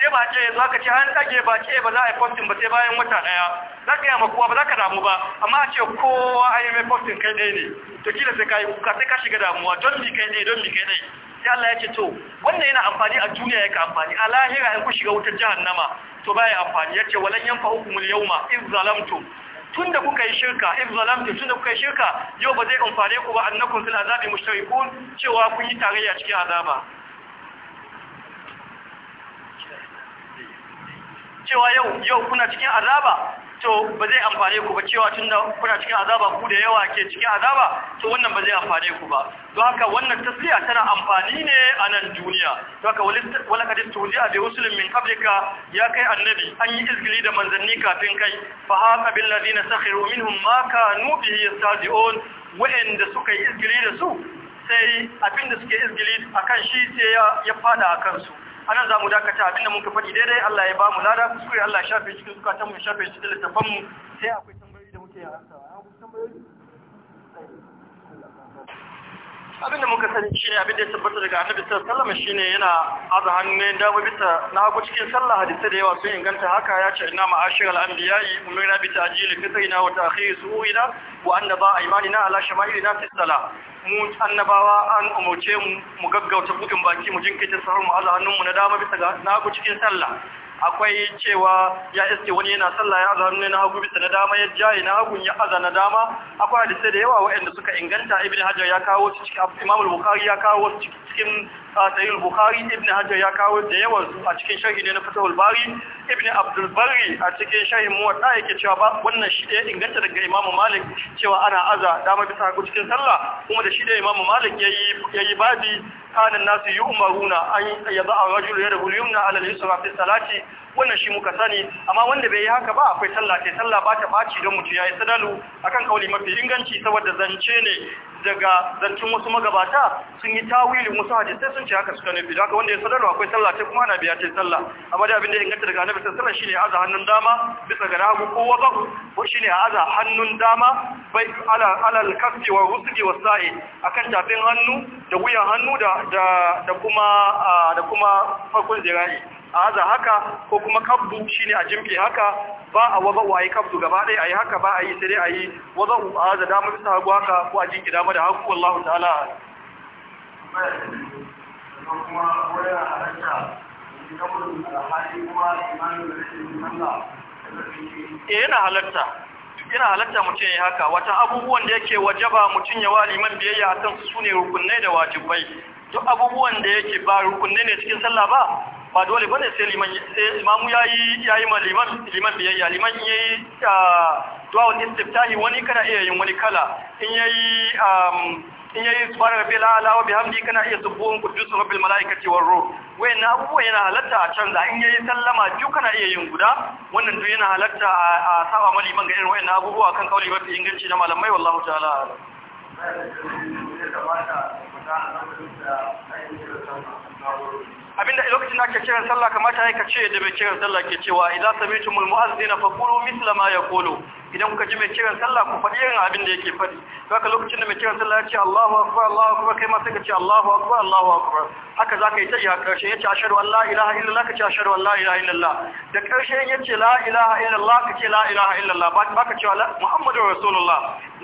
sai ba ce yanzu aka ce an tsage ba ce ba za a yi posting ba sai bayan wata daya za ka yi ma kowa ba za ka damu ba amma a ce kowa an yi mai posting kai ɗaya ne to kila sai ka yi kuka sai ka shiga damuwa don mi kai ɗaya don mi kai ɗaya sai Allah ya ce to wannan yana amfani a duniya ka amfani a lahira in ku shiga wutar jahannama to ba ya amfani ce walan yanfa'ukumul yawma in zalamtu tun da kuka yi shirka in zalamtu tun da kuka yi shirka yau ba zai amfane ku ba annakum fil azabi mushrikun cewa kun yi tarayya cikin azaba cewa yau yau kuna cikin azaba to ba zai amfane ku ba cewa tunda kuna cikin azaba ku da yawa ke cikin azaba to wannan ba zai amfane ku ba don haka wannan tasiya tana amfani ne a nan duniya don haka wala kadin tuzi'a bi min qablika ya kai annabi an yi izgili da manzanni kafin kai fa haqa bil ladina sakhiru minhum ma kanu bihi yastadi'un wa'anda suka yi izgili da su sai abin abinda suke izgili akan shi sai ya fada akan su anan mu dakata abinda muka faɗi daidai Allah ya ba mu lada kuskure Allah ya shafe cikin ta mu shafe cikin littafan mu sai akwai tambayoyi da muke yi abin da muka sani shi abin da ya tabbata daga annabi sallallahu alaihi wasallam shine yana hannu da dama bisa na hagu cikin sallah hadisi da yawa sun inganta haka ya ce inna ma'ashir al-anbiya'i umirna bi ta'jil fitrina wa ta'khir su'ina wa anna ba imanina ala shama'ilina fi sallah mu annabawa an umurce mu mu gaggauta bukin baki mu jinkirta mu Allah hannun mu na dama bisa ga na hagu cikin sallah akwai cewa ya iske wani yana sallah ya azanu ne na hagu bisa na dama ya jaye na hagun ya aza na dama akwai hadisai da yawa waɗanda suka inganta ibn hajar ya kawo su cikin imam bukhari ya kawo su cikin a sahih bukhari ibn hajar ya kawo da yawan a cikin sharhi ne na fatahul bari ibn abdul bari a cikin sharhi muwatta yake cewa ba wannan shi da inganta daga imamu malik cewa ana aza dama bisa hagu cikin sallah kuma da shi da imamu malik yayi yayi babi kana nasu yu'maruna an yada'a a yadahu al-yumna ala al-yusra fi salati wannan shi muka sani amma wanda bai yi haka ba akwai sallah sai sallah ba ta baci don Ya yayi sadalu akan kauli mafi inganci saboda zance ne daga zancin wasu magabata sun yi musu wasu sai sun ce haka suka nufi haka wanda ya sadalu akwai sallah sai kuma ana biya ta sallah amma da abin da inganta daga annabi sallallahu alaihi wasallam shine aza hannun dama bisa ga hagu ko wa ko shine aza hannun dama bai ala alal kafi wa rusuki wa sa'i akan tafin hannu da wuyan hannu da kuma da kuma farkon zira'i a aza haka ko kuma kabdu shine a jimke haka ba a waba waye kabdu gaba ɗaya a yi haka ba a yi sai dai a yi u a aza dama bisa hagu haka ko a jinki dama da hagu wallahu ta'ala kuma kuma eh, yana halatta yana halatta mutum ya haka wata abubuwan da yake wajaba mutum ya man liman biyayya akan su ne rukunai da wajibai duk abubuwan da yake ba rukunai ne cikin sallah ba ba dole bane sai liman sai imamu yayi yayi ma liman liman biyayya liman yayi du'a istiftahi wani kana iya yin wani kala in yayi in yayi subhana rabbil ala wa bihamdi kana iya subuhun qudus rabbil malaikati war ruh na abubuwa yana halatta a canza in yayi sallama duk kana iya yin guda wannan duk yana halatta a saba ma liman ga irin wayannan abubuwa kan kauli mafi inganci na malamai wallahi ta'ala Thank you. abinda lokacin da ake kiran sallah kamata ya kace da mai kiran sallah ke cewa idza sami'tumul fa qulu misla ma yaqulu idan kuka ji mai kiran sallah ku faɗi irin abin da yake faɗi haka lokacin da mai kiran sallah ya ce Allahu akbar Allahu akbar kai ma sai ka ce Allahu akbar Allahu akbar haka zaka yi ta iya karshe ce ashhadu an la ilaha illallah ka ce ashhadu an la ilaha illallah da karshe ce la ilaha illallah ka ce la ilaha illallah ba ka ce Muhammadur rasulullah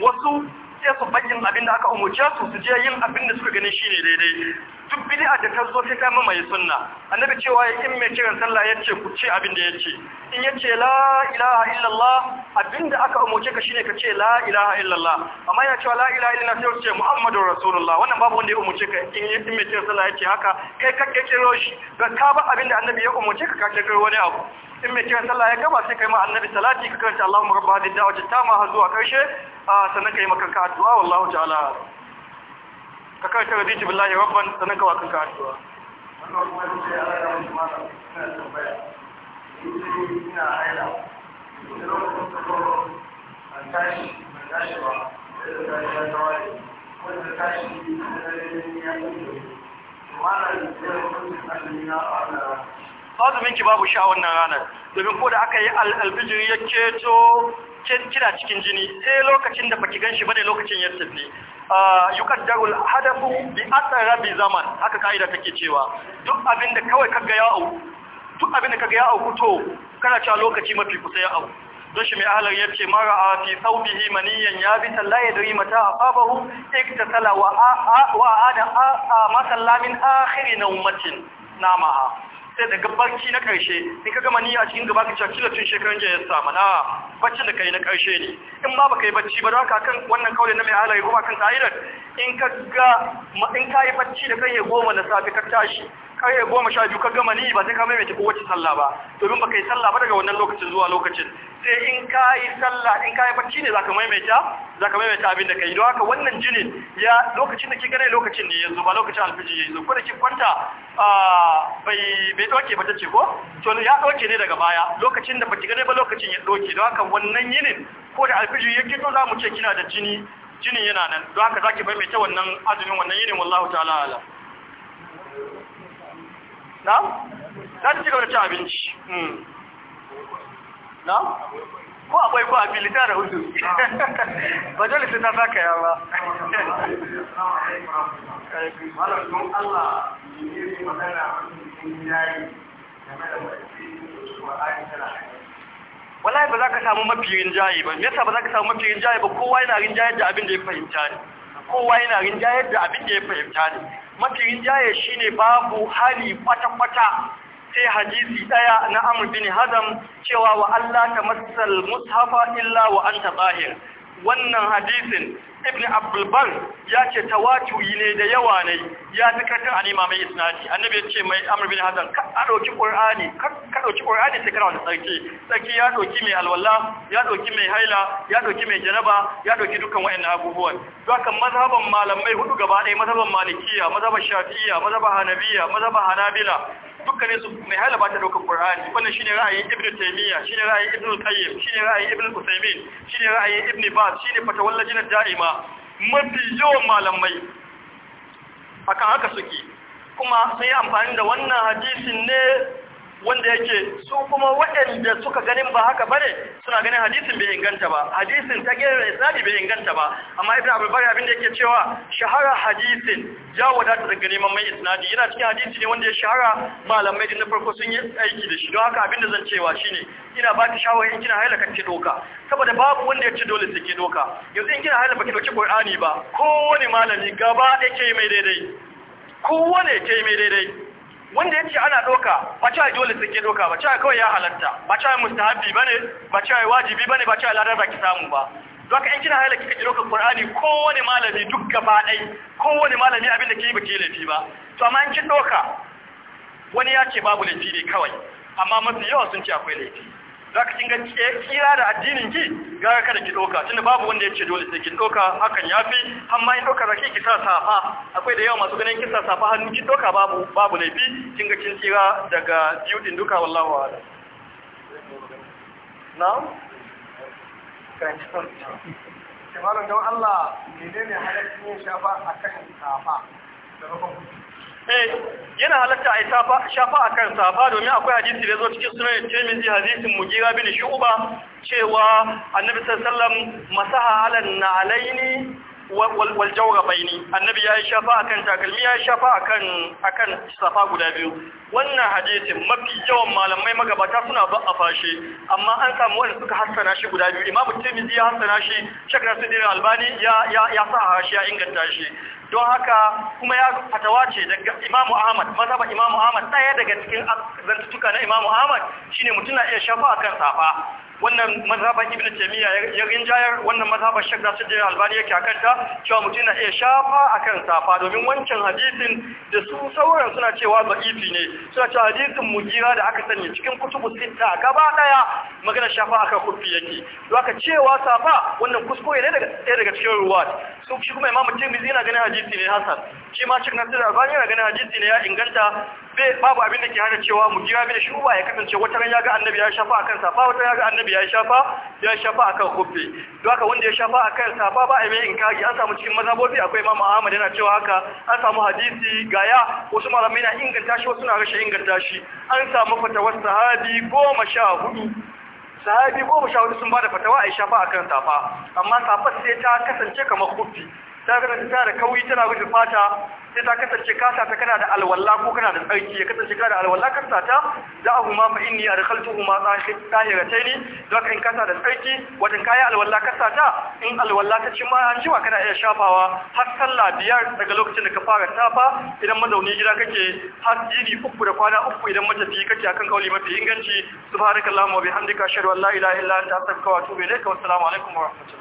wasu sai su bakin abin da aka umurce su su je yin abin da suka gani shine daidai duk bid'a da ta zo sai ta mamaye sunna annabi cewa ya in mai kiran sallah yace ku ce abin da yace in yace la ilaha illallah abin da aka umurce ka shine ka ce la ilaha illallah amma ya cewa la ilaha illallah sai ku ce muhammadur rasulullah wannan babu wanda ya umurce ka in mai kiran sallah yace haka kai ka kiro shi ga ka ba abin da annabi ya umurce ka ka kiro wani abu in mai kiran sallah ya gama sai kai ma annabi salati ka karanta Allahumma rabba hadhihi da'wati tamma har zuwa karshe sannan kai maka ka addu'a wallahu ta'ala ka karanta raditu billahi rabban sannan ka waka ka addu'a wannan kuma sai ya rayu ma na tambaya ina haila ina lokacin da ko an tashi ban tashi ba sai da ya tawari wanda tashi da ya yi ya yi malam sai mutum da na Allah azumin ki babu sha wannan ranar domin ko da aka yi alfijiri ya keto kina cikin jini sai lokacin da baki ganshi bane lokacin ya tafi ah, darul hadafu bi bi zaman haka kaida take cewa duk abin da kawai kaga ya au duk abin da kaga ya au to kana cewa lokaci mafi kusa ya au don shi mai ahalar ya ce mara a fi saubihi maniyan ya bi tallaye da rimata a fabahu iktasala wa a da a masallamin akhiri na umatin nama'a sai daga barci na karshe in ka gama a cikin gaba ka cikin tun shekarun jiya ya samu na bacci da kai na karshe ne in ba baka yi bacci ba don kakan kan wannan kawai na mai ya goma kan ka'idar in ka ga in ka yi bacci da kai goma na safe ka tashi ƙarfe goma sha biyu ka gama ni ba sai ka maimaita wacce sallah ba domin baka yi sallah ba daga wannan lokacin zuwa lokacin sai in ka yi sallah in ka yi bacci ne za ka maimaita ka maimaita abin da yi. don haka wannan jinin ya lokacin da ke gane lokacin ne yanzu ba lokacin alfiji ya yanzu ko da ki kwanta bai bai doke ba ce ko to ya doke ne daga baya lokacin da baki gane ba lokacin ya doke don haka wannan yinin ko da alfiji ya kito za mu ce kina da jini jinin yana nan don haka ki maimaita wannan azumin wannan yinin wallahu ta'ala na? za ta ci gaba da cin abinci hmm. na? ko akwai ko a filita da hudu ba dole sai ta saka ya ba malarsun Allah ne ne magana wani yayi game da wasu wa'ayi tana wallahi ba za ka samu mafi rinjaye ba me yasa ba za ka samu mafi rinjaye ba kowa yana rinjayar da abin da ya fahimta ne kowa yana rinjayar da abin da ya fahimta ne mafi shi shine babu hali kwata-kwata sai hadisi daya na Amr bin Hazam cewa wa Allah ta massal mushafa illa wa anta wannan hadisin ibn abdulbar ya ce tawatuyi ne da yawa ne ya fi karkar a nema mai isnadi annabi ya ce mai amur bin hazan ka ɗauki ƙur'ani ka ɗauki ƙur'ani sai kana wata tsarki tsarki ya ɗauki mai alwala ya ɗauki mai haila ya ɗauki mai janaba ya ɗauki dukkan wa'annan abubuwan to haka mazhaban malamai hudu gaba ɗaya mazhaban malikiya mazhaban shafiya mazhaban hanabiya mazhaban hanabila dukkanin su mai halaba ta daukar Qur'ani wannan shine ra'ayin Ibn Taymiyyah shine ra'ayin Ibn Qayyim shine ra'ayin Ibn Uthaymeen shine ra'ayin Ibn Baz shine fatawallajin da'ima mafi yawan malamai akan haka suke kuma sun amfani da wannan hadisin ne wanda yake su kuma waɗanda suka ganin ba haka bane suna ganin hadisin bai inganta ba hadisin ta gere isnadi bai inganta ba amma ibn abul bari abin da yake cewa shahara hadisin ya wadata da neman mai isnadi yana cikin hadisi ne wanda ya shahara malamai din na farko sun yi aiki da shi don haka abin da zan cewa shine ina baki shawarar kina haila ka ci doka saboda babu wanda ya ci dole su ke doka yanzu in kina haila baki doki qur'ani ba kowane malami gaba ɗaya ke mai daidai kowane ke mai daidai wanda yake ana doka ba cewa dole sai ke doka ba cewa kawai ya halatta ba cewa mustahabi bane ba cewa wajibi bane ba cewa ladan zaki samu ba doka in kina haila kika doka Qur'ani kowane malami duk gaba dai kowane malami abin da yi ba ke laifi ba to amma in kin doka wani ya ce babu laifi ne kawai amma mafi yawa sun ce akwai laifi za ka kinga eh, kira da addinin ki gara kada ki doka tunda babu wanda ya ce dole sai ki doka hakan ya fi. amma in doka zaki ki sa safa akwai da yawa masu ganin ki sa safa hannu ki doka babu babu laifi kinga kin tsira daga biyu din duka wallahi wa na'am kan don Allah menene halaccin yin shafa akan safa da rubutun Eh, yana halatta a shafa a kan safa domin akwai hadisi da zo cikin sunan tirmizi hadisin mugira bin shu'ba cewa annabi sallallahu alaihi wasallam masaha alan wal jawrabaini annabi yayi shafa akan takalmi yayi shafa akan akan safa guda biyu wannan hadisin mafi yawan malamai magabata suna ba a fashe amma an samu wanda suka hassana shi guda biyu imamu tirmidhi ya hassana shi shek nasiruddin albani ya ya ya sa shi ya inganta shi don haka kuma ya fatawa ce daga imamu ahmad ma imamu ahmad daya daga cikin zantutuka na imamu ahmad shine mutum na iya shafa akan safa wannan mazhaban ibn taymiya ya rinjayar wannan mazhaban shek da sirri albani yake akan ta cewa mutum na iya shafa akan safa domin wancan hadisin da su sauran suna cewa ba'ifi ne suna cewa hadisin mujira da aka sanya cikin kutubu sita gaba daya magana shafa akan kufi yake to aka cewa safa wannan kuskure ne daga ɗaya daga cikin ruwat su shi kuma imamu tirmidhi yana ganin hadisi ne hasan shi ma shek nasir albani yana ganin hadisi ne ya inganta babu abin da ke hana cewa mu jira mai shuba ya kasance wata ran ya ga annabi ya shafa akan safa wata ya ga annabi ya shafa ya shafa akan hubbi don haka wanda ya shafa akan safa ba a mai inkari an samu cikin mazabobi akwai imamu Ahmad yana cewa haka an samu hadisi gaya wasu malamai na inganta shi wasu na rashin inganta shi an samu fatawar sahabi goma sha hudu sahabi goma sha hudu sun ba da fatawa a yi shafa akan safa amma safar sai ta kasance kamar hubbi ta kasance tana da kauyi tana rufe fata sai ta kasance kasa ta kana da alwala ko kana da tsarki ya kasance kana da alwala kasa ta za a huma fa inni adkhaltuhu ma tahira taini don in kasa da tsarki wajen kayan alwala kasa ta in alwala ta ci ma ciwa kana iya shafawa har sallah biyar daga lokacin da ka fara tafa idan mazauni gida kake har jini uku da kwana uku idan matafi kake akan kauli mafi inganci subhanakallahumma wa bihamdika ashhadu an la ilaha illa anta astaghfiruka wa atubu ilaik wa assalamu alaikum wa rahmatullahi